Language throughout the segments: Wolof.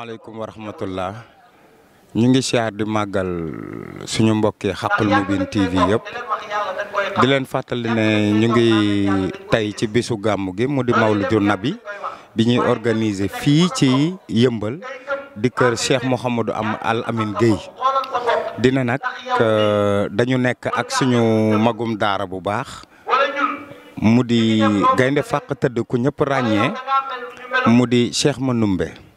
Assalamualaikum warahmatullah. rahmatullah ñu ngi siyaar di magal suñu mbokki xaqul mubin TV yëpp di leen fatali ne ñu ngi tay ci bisu gamu gi mu di nabi bi organize organiser fi ci yëmbal di kër Cheikh Mouhamadou am al Amin Guèye dina nak euh, dañu nekk ak suñu magum daara bu baax mu di gaynde faq Mudi ku ñëpp mu Cheikh Manoumbe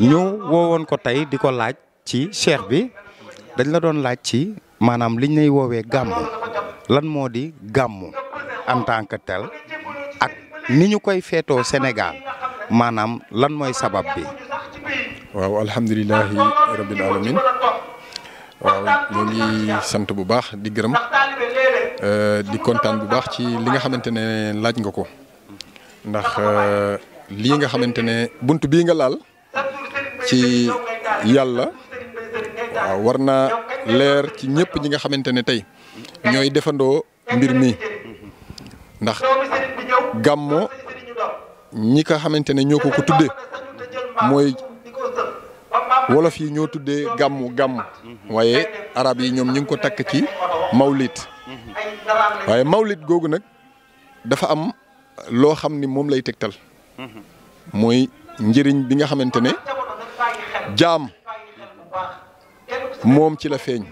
ñu woowoon ko tey di ko laaj ci cheikh bi dañ la doon laaj ci maanaam liñ lay woowee gàmmu lan moo di gàmmu en tant que tel ak ni ñu koy feetoo Sénégal maanaam lan mooy sabab bi. waaw alhamdulilahi rabbil alamin waaw ñoo ngi sant bu baax di gërëm euh, di kontaan bu baax ci li nga xamante ne laaj nga ko ndax euh, lii nga xamante ne bunt bii nga laal. ci yalla warna ler. leer ci ñepp ñi nga xamantene ne ñoy defando mbir mi ndax gammo ñi ka xamantene ne ko tuddé moy wolof yi ñoo tuddé gammu gam wayé arab yi ñom ñi ngi ko tak ci maulid wayé maulid gogu nak dafa am lo xamni ni moom lay tektal moy njirign bi nga xamantene jaam moom ci la feeñ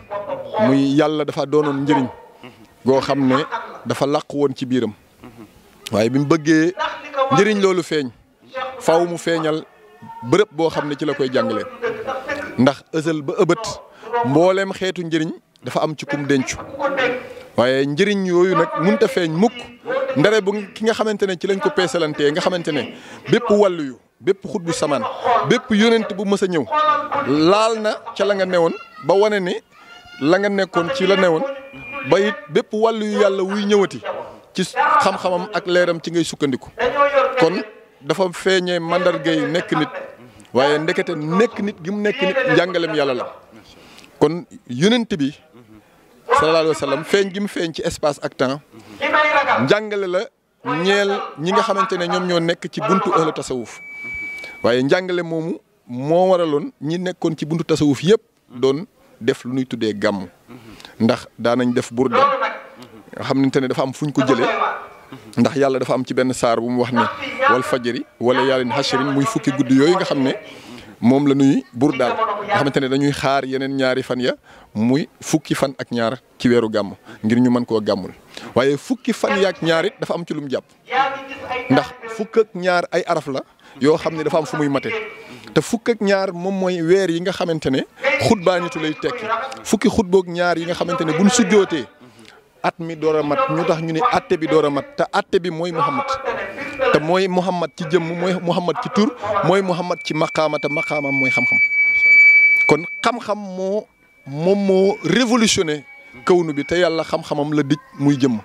muy yàlla dafa doonoon njëriñ goo xam ne dafa làq woon ci biiram waaye bi mu bëggee njëriñ loolu feeñ faw mu feeñal bërëb boo xam ne ci la koy jàngalee ndax ësal ba ëbët mbooleem xeetu njëriñ dafa am ci kum dencu waaye njëriñ yooyu nag munta feeñ mukk ndare bu ki nga xamante ne ci lañ ko peesalantee nga xamante ne bépp wàllu bépp xut bu samaan bépp yonent bu mës a ñëw laal na ca la nga newoon ba wane ni la nga nekkoon ci la newoon ba it bépp wàllu yu yàlla wuy ñëwati ci xam-xamam ak leeram ci ngay sukkandiku kon dafa feeñee mandarga yi nekk nit waaye ndekete nekk nit gi mu nekk nit njàngalem yàlla la kon yonent bi sallallahu alayhi wa sallam feeñ gi mu feeñ ci espace ak temps njàngale la ñeel ñi nga xamante ne ñoom ñoo nekk ci buntu ëhlu tasawuf waaye njàngale moomu moo waraloon ñi nekkoon ci buntu tasawuf yëpp doon def lu ñuy tuddee gàmm ndax daanañ def burda nga xamante ne dafa am fu ko jëlee ndax yàlla dafa am ci benn saar bu mu wax ne wal fajari wala yaalin hashirin muy fukki guddi yooyu nga xam ne moom la ñuy burdaal nga xamante ne dañuy xaar yeneen ñaari fan ya muy fukki fan ak ñaar ci weeru gàmm ngir ñu mën koo gàmmul waaye fukki fan yaak ñaar it dafa am ci lu mu jàpp ndax fukk ñaar ay araf la yoo xam ne dafa am fu muy mate te fukk ak ñaar moom mooy weer yi nga xamante ne xutbaa nitu lay tekk fukki xut book ñaar yi nga xamante ne buñ sujjootee at mi door a mat ñu tax ñu ne atte bi door a mat te atte bi mooy Muhammad te mooy Muhammad ci jëmm mooy Muhammad ci tur mooy Muhammad ci maqaama te maqaamam mooy xam-xam kon xam-xam moo moom moo révolutionné kawnu bi te yàlla xam-xamam la dij muy jëmm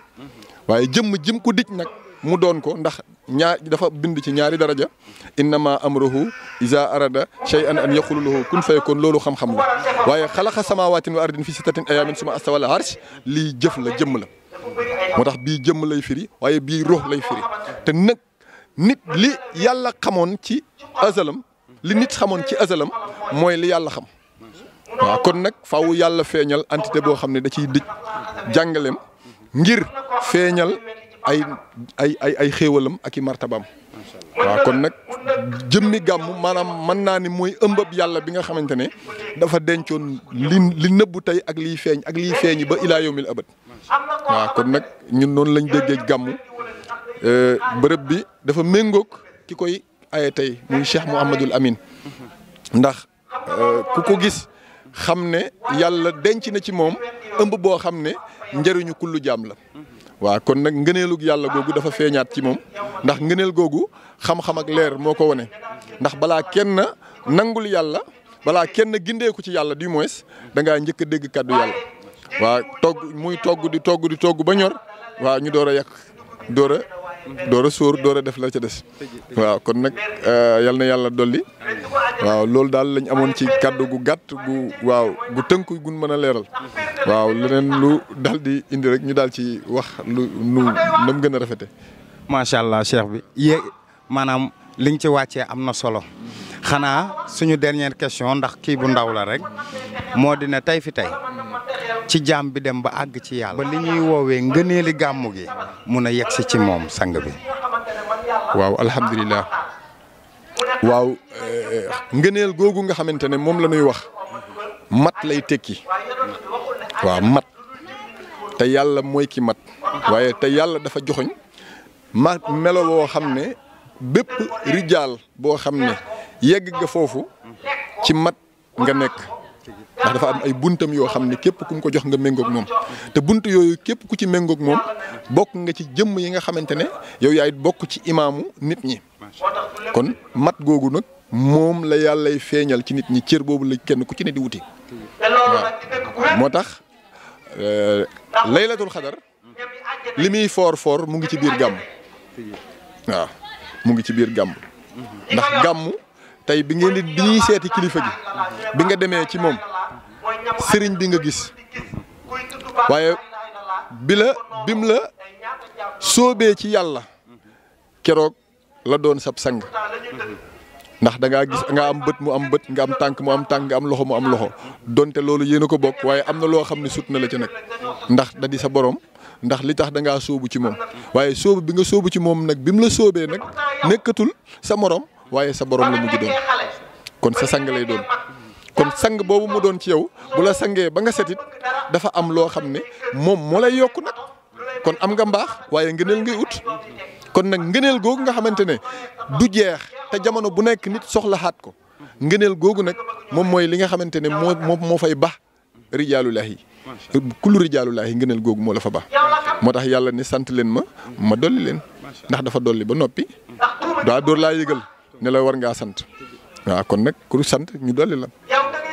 waaye jëmm jëm ko dij nag. mu don ko ndax ñaar dafa bind ci ñaari daraja innama amruhu iza arada shay'an an yaqulu lahu kun fayakun lolu xam-xam la waaye xalaqa samawaatin wa ardin fi sittatin ayamin suma astawa al arsh li jëf la jëmm la motax bi bii lay firi waye bi ruh lay firi te nak nit li yàlla xamone ci azalam li nit xamone ci azalam moy li yàlla xam waaw kon nak faaw yàlla feñal entité bo xamne da ci dëj jangalem ngir feñal ay ay ay ay xéewalam ak i martabaam kon nag jëmmi gàmm maanaam mën naa ni mooy ëmbëb yàlla bi nga xamante ne dafa dencoon li li nëbbu tey ak liy feeñ ak liy feeñi ba ilaa yawmil abad waaw kon nag ñun noonu lañ déggee gàmm euh, bërëb bi dafa méngoog ki koy aye tey muy Cheikh Mouhamadul Amin ndax euh, ku ko gis xam ne yàlla denc na ci moom ëmb boo xam ne njëriñu kullu jaam la waaw kon nag ngëneelug yàlla googu dafa feeñaat ci moom ndax ngëneel googu xam-xam ak leer moo ko wane ndax balaa kenn nangul yàlla balaa kenn gindeeku ci yàlla du moins da ngaa njëkk a dégg kàddu yàlla. waa togg muy togg di togg di togg ba ñor waa ñu door a yàq door a door a sóor door def la ca des waaw kon nag euh, yal na yàlla dolli waaw loolu daal lañ amoon ci kàddu gu gàtt gu waaw gu tënk gun mën a leeral waaw leneen lu daal di indi rek ñu daal ci wax lu nu nam gën a rafete macha allah cheikh bi yéeg maanaam liñ ci wàccee am na solo xanaa suñu dernière question ndax kii bu ndaw la rek moo dina tey fi tey ci jaam bi dem ba àgg ci yàlla. ba li ñuy woowee ngëneeli gàmmu gi mun a yegsi ci moom sang bi. waaw alhamdulilah waaw eh, ngëneel googu nga xamante ne moom la ñuy wax mat lay tekki waaw mat te yàlla mooy ki mat waaye te yàlla dafa joxoñ mat melo boo xam ne bépp rijaal boo xam ne yegg nga foofu ci mat nga nekk. ndax dafa am ay buntam yoo xam ne képp ku mu ko jox nga méngoog moom te bunt yooyu képp ku ci méngook moom bokk nga ci jëmm yi nga xamante ne yow yaay bokk ci imaamu nit ñi kon mat googu nag moom la yàllay feeñal ci nit ñi cër boobu la kenn ku ci ne di wuti waaw moo tax euh, laylatul xadar li muy foor foor mu ngi ci biir gàmm waaw mu ngi ci biir gàmm ndax gàmm tey bi ngeen di bi ñuy seeti kilifa gi bi nga demee ci moom sëriñ bi nga gis waaye bi la bim la soobee ci yàlla keroog la doon sab sang ndax dangaa ngaa gis nga am bët mu am bët nga am tànk mu am tànk nga am loxo mu am loxo donte loolu yéen ko bokk waaye am na loo xam ne sut na la ci nag ndax da sa boroom ndax li tax dangaa ngaa ci moom waaye sóobu bi nga sóobu ci moom nag bi mu la sóobee nag nekkatul sa moroom waaye sa borom la mujj doon kon sa sang lay doon. kon sang boobu mu doon ci yow bu la sangee ba nga setit dafa am loo xam ne moom moo lay yokk nag kon am nga mbaax waaye ngëneel nga ut kon nag ngëneel googu nga xamante ne du jeex te jamono bu nekk nit soxlaxaat ko ngëneel googu nag moom mooy li nga xamante ne moo moo moo fay baax rijaalulaahi kullu yi ngëneel googu moo la fa ba moo tax yàlla ne sant leen ma ma dolli leen ndax dafa dolli ba noppi daa door laa yëgal ne la war ngaa sant waaw kon nag ku sant ñu dolli la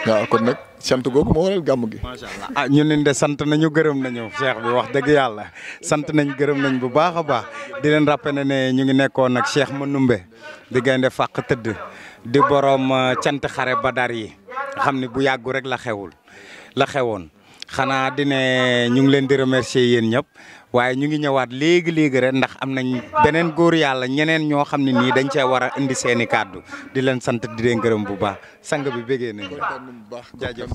waaw kon nag sant googu moo waral gàmm gi. macha ah ñu ne de sant nañu gërëm nañu Cheikh bi wax dëgg yàlla sant nañ gërëm nañ bu baax a baax di leen rappelé ne ñu ngi nekkoon ak ma numbe di gaynde fàq tëdd di borom euh, cant xare Badar yi xam ne bu yàggu rek la xewul la xewoon xanaa di ne ñu ngi leen di remercier yéen ñëpp. waaye ñu ngi ñëwaat léegi léegi rek ndax am nañ beneen góor yàlla ñeneen ñoo xam ne nii dañ cee war a indi seen i kàddu di leen sant di leen gërëm bu baax sang bi bégee nañ la. jaajëf